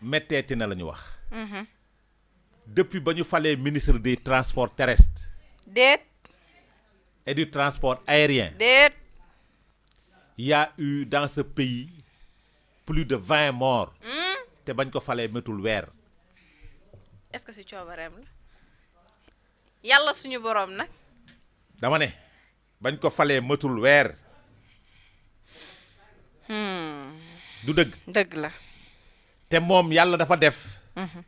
mettait en allant voir. Depuis que nous ministre des Transports terrestres. Et du transport aérien. Il y a eu dans ce pays plus de 20 morts. Et mm. il fallait mettre le Est-ce que c'est vrai? Il y a des gens qui ont été Il fallait mettre le Hmm. C'est vrai. C'est vrai. te moom yàlla dafa def. Mhm.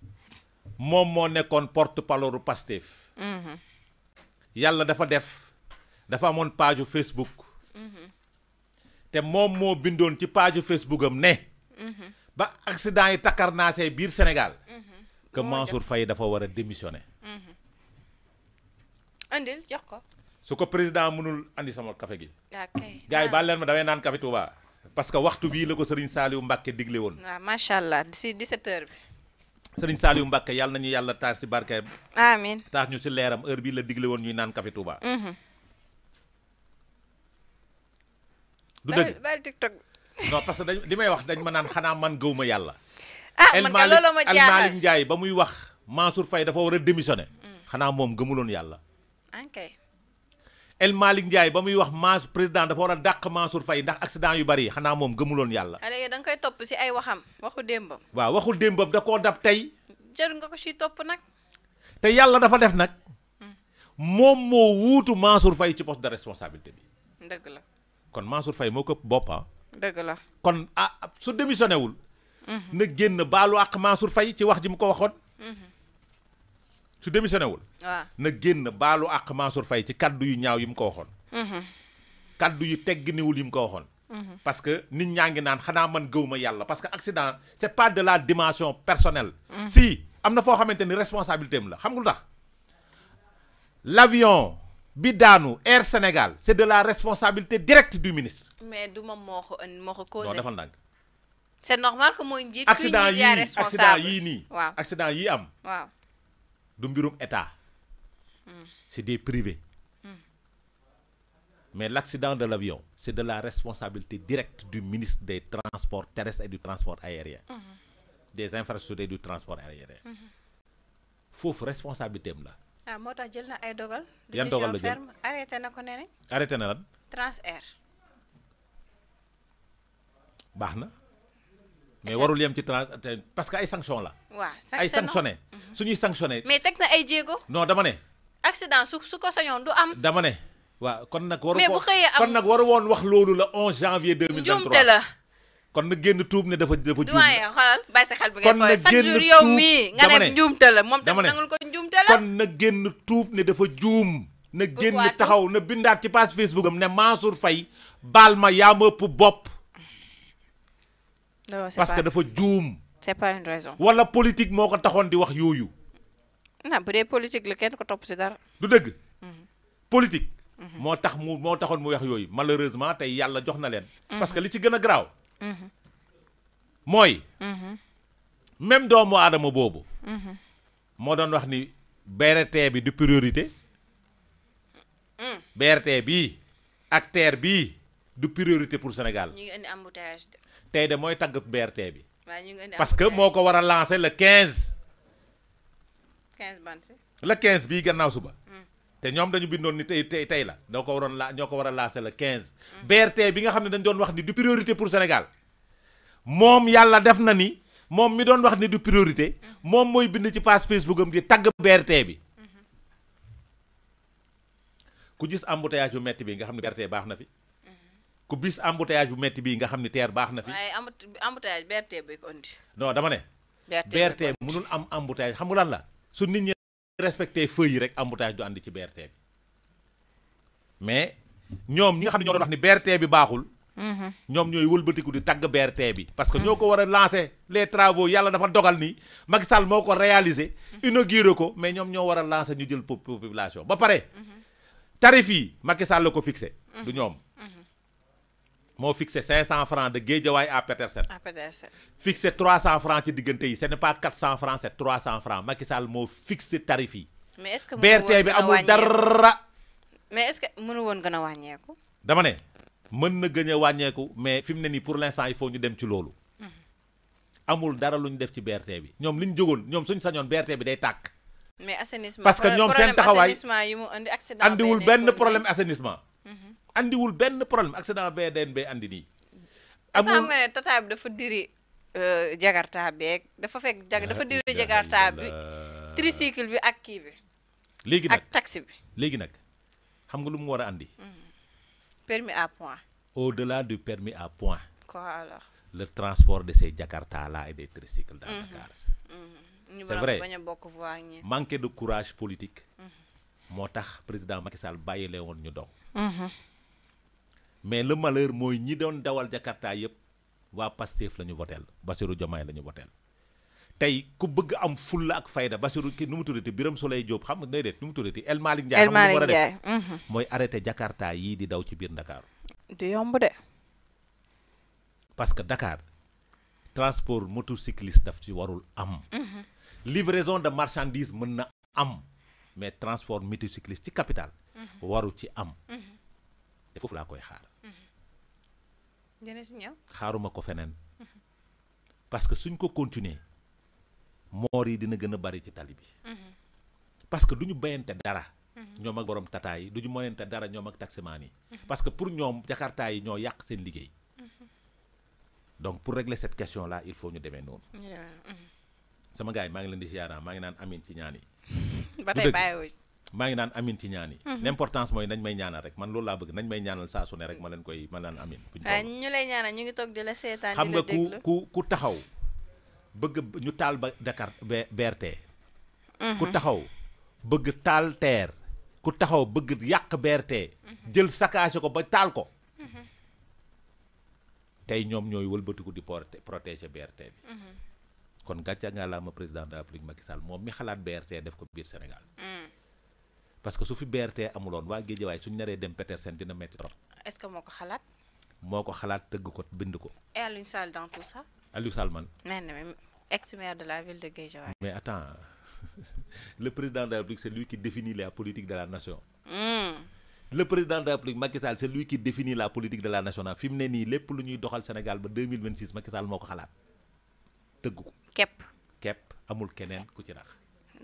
moom moo nekkoon porte parole Pastef. Mhm. yàlla dafa def dafa amoon page Facebook. Mhm. te moom moo bindoon ci page Facebook am ne. ba accident yi takkar naa see biir Sénégal. que Mansour Faye dafa war a démissionner. andil jox su ko président mënul andi sama café gi. gaa yi ah. ma damay naan café Touba. parce que waxtu bii la ko Serigne Saliou Mbacke digle woon. waaw ah, macha allah si 17h bi. Serigne Saliou Mbacke yàlla nañu yàlla taas si barkeem. amiin taas ñu si leeram heure bii la digle woon ñuy naan café Touba. Mhm. du dëgg bàyyi TikTok. non parce que dañ li may wax dañ ma naan xanaa man gëw ma yàlla. ah man ka loolu ma jaaxal ba muy wax Mansour Faye dafa war a démissionné. Mm. xanaa moom gëmuloon yàlla. Ah, El Malick Ndiaye ba muy wax Mansour président dafa war a dàq Mansour Faye ndax accident yu bari yi xanaa moom gëmuloon yàlla. Ah, léegi da nga koy topp ci ay waxam waxu démbam. waaw waxu démbam da ko dab tey. jarul nga ko ciy topp nag. te yàlla dafa def nag. Hmm. moom moo wuutu Mansour Faye ci poste de responsabilité bi. dëgg la kon Mansour fay moo ko boppa ah. dëgg la kon ah su démissionné wul. Hmm. na génn baalu ak Mansour fay ci wax ji mu ko waxoon. Hmm. su démissionné wul. Ah. na génn baalu àq Mansour Faye ci kaddu yu ñaaw yi mu ko waxoon. Mhm. kaddu yu tegginiwul yi mu ko waxoon. Mhm. parce que nit ñaa ngi naan xanaa man gëwuma ma yàlla parce que accident c'est pas de la dimension personnelle. Mhm. si am na foo xamante ni responsabilité am la xam nga lu tax. l'avion bi daanu Air Sénégal c'est de la responsabilité directe du ministre. mais du moom moo ko moo ko causé. non defal ndànk. c'est normal que mooy njiit. accident yii accident yii nii. waaw accident yii am. waaw du mbirum état c'est des privés mais l'accident de l'avion c'est de la responsabilité directe du ministre des transports terrestres et du transport aérien des infrastructures et du transport aérien Fouf responsabilité là. ah mais warul yem ci trans parce que ay sanction la. waa sanctionné ay sanctionné. Mhm. suñuy sanctionné. mais teg na ay jéego. non dama ne. accident su su ko sañoon du am. dama ne waaw kon nag. waru mais bu xëyee am kon nag waru woon wax loolu la 11 janvier 2023 njuumte la. kon na génn tuub ne dafa dafa juum. doyen xoolal bàyyi sa xel bi nga fooy chaque jour yow mii nga ne ko kon na génn tuub ne dafa juum. na génn taxaw na bindaat ci page Facebook am ne Mansour Faye baal ma yaa ma ëpp bopp. parce que dafa juum. c'est pas une moo ko taxoon di wax yooyu. na bu dee politique la kenn ko topp ci dara. du dëgg. Mhm. politique. Mhm. moo tax mu moo taxoon mu wax yooyu malheureusement tey yàlla jox na leen. Mhm. parce que li ci gën a garaaw. mooy. même doomu aadama boobu. moo doon wax ni BRT bi du priorité. Mm. BRT bii ak TER du priorité pour Sénégal. ñu ngi indi embouteillage tey de mooy tàgg BRT bi. waaw ñu ngi parce que moo ko war a lancé la quinze 15 ban le 15 bii gannaaw suba. Hmm. te ñoom dañu bindoon ni tey tey tey la doo ko waroon la ñoo ko war a lancé la quinze hmm. BRT bi nga xam ne dañ doon wax ni du priorité pour Sénégal moom yàlla def na ni moom mi doon wax ni du priorité hmm. moom mooy bind ci page Facebook am di tàgg BRT bi. ku gis embouteillage bu metti bi nga xam ne BRT baax na fi. ku bis embouteillage bu metti bii nga xam ne teer baax na fi. waaye embouteillage BRT bi dama ne. BRT bi am embouteillage xam nga lan la su nit ñi respecté rek embouteillage du ànd ci mais ñoom ñi nga xam ne ñoo doon wax ni bi baaxul. Mhm. ñoom ñooy wëlbatiku di tagg BRT bi. parce que ñoo mhm. ko war a lancer les travaux yàlla dafa dogal nii Macky Sall moo ko réaliser. Mhm. inauguré ko mais ñoom ñoo war a lancer ñu jël population ba pare. tarif yi Macky Sall la ko fixé. du ñoom. moo fixé 500 francs de Guédiawaye à Petersen. à Petersen fixé 300 francs ci diggante yi ce n'est pas 400 francs c'est 300 francs Macky Sall moo fixé tarif yi. mais est-ce que BRT bi amul dara. mais est-ce que mënu woon gën a wàññeeku. dama né mën na gën a wàññeeku mais fi mu ne pour l'instant il faut ñu dem ci lolu. Mhm. amul dara luñ def ci BRT bi Ñom li ñu ñom ñoom suñu sañoon BRT bi day tak. mais assainissement parce que ñoom seen andi wul benn problème assainissement. Mhm. andiwul benn problème accident VDN andi nii. amul be nga ne tata bi dafa diri. Euh, jakarta beeg dafa fekk jag dafa diri ah, jakarta bi tricycle bi ak kii bi. léegi nag ak taxi bi. léegi nag xam nga lu mu war a andi. Mm-hmm. permis à point. au delà du permis à point. quoi alors. le transport de ces jakarta là et des tricycles dans mm-hmm. Dakar. Mm-hmm. c'est vrai manque de courage politique. moo tax président Macky Sall bàyyi leen woon ñu dox. mais le malheur mooy ñi doon dawal Jakarta yëpp waa Pastef la ñu voteel Bassirou Diomaye la ñu tey ku bëgg am fulla ak fayda Bassirou ki nu mu tuddati Birame Souleye Diop xam nga déedéet nu mu tuddati El Malick Ndiaye xam mhm. mooy arrêté Jakarta yii di daw ci biir Dakar. du yomb de. parce que Dakar transport motocycliste daf ci warul am. Mhm. livraison de marchandise mën na am mais transport motocycliste ci capital. Mhm. waru ci am. te foofu laa koy xaar. Mm-hmm. dina ci ñëw. xaaruma ko feneen. Mm-hmm. parce que suñ ko continuer moor yi dina gëna bari ci tali bi. Mm-hmm. parce que duñu ñu dara. ñom ak borom tata yi duñu ñu dara ñom ak taximaan yi. parce que pour ñoom jakarta yi ñoo yak seen liggéey. donc pour régler cette question là il faut ñu demee noonu. sama gars ma ngi leen di ziar ma ngi naan amin ci ñaan yi. ba tey bàyyiwul maa ngi naan amin ci ñaan yi mhm. l' importance mooy nañ may ñaanal rek man loolu laa bëgg nañ may ñaanal saa su ne rek ma leen koy ma naan amin ñu lay ñaanal ñu ngi toog di la seetaan xam nga ku ku ku taxaw bëgg ñu taal ba Dakar BRT ku mhm. taxaw bëgg taal teer ku taxaw bëgg yàq BRT mhm. jël saccagé ko ba taal ko tey ñoom ñooy wëlbatiku di protéger BRT bi kon gàcca nga laa ma président de la République Macky Sall moom mi xalaat BRT def ko biir Sénégal mm. parce que su fi BRT wa waa Géejawaay suñu naree dem Petersen dina metti trop. est-ce que moo ko xalaat. moo ko ko bind ko. et Aliou Sall dans tout ça. Aliou Sall man. mais ex-maire de la ville de Guédiawaye. mais attends le président de la République c'est lui qui définit la politique de la nation. Hmm. le président de la République Macky Sall c'est lui qui définit la politique de la nation fi mu ne nii lépp lu ñuy doxal Sénégal ba 2026 Macky Sall moo ko xalaat Kep. ko. amul kenen ku ci rax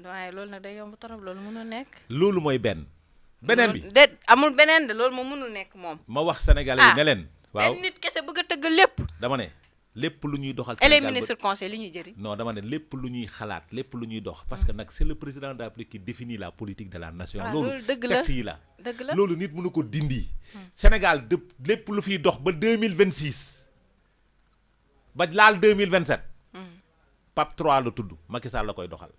waaye loolu nag day yomb torop loolu mënul nekk. loolu mooy benn. beneen bi de amul beneen de loolu moo mënul nekk moom. ma wax sénégalais yi ah, ne leen. waaw benn nit kese bëgg a tëgg lépp. dama ne lépp lu ñuy doxal. Sénégal les ministres conseil li ñuy jëriñ. non dama ne lépp lu ñuy xalaat lépp lu ñuy dox. parce que nag c' est le président de la qui définit la politique de la nation. Ah, loolu dëgg la loolu la dëgg la loolu nit mënu ko dindi. Hmm. Sénégal de lépp lu fiy dox ba 2026 ba laal 2027 PAP 3 la tudd Macky Sall la koy doxal.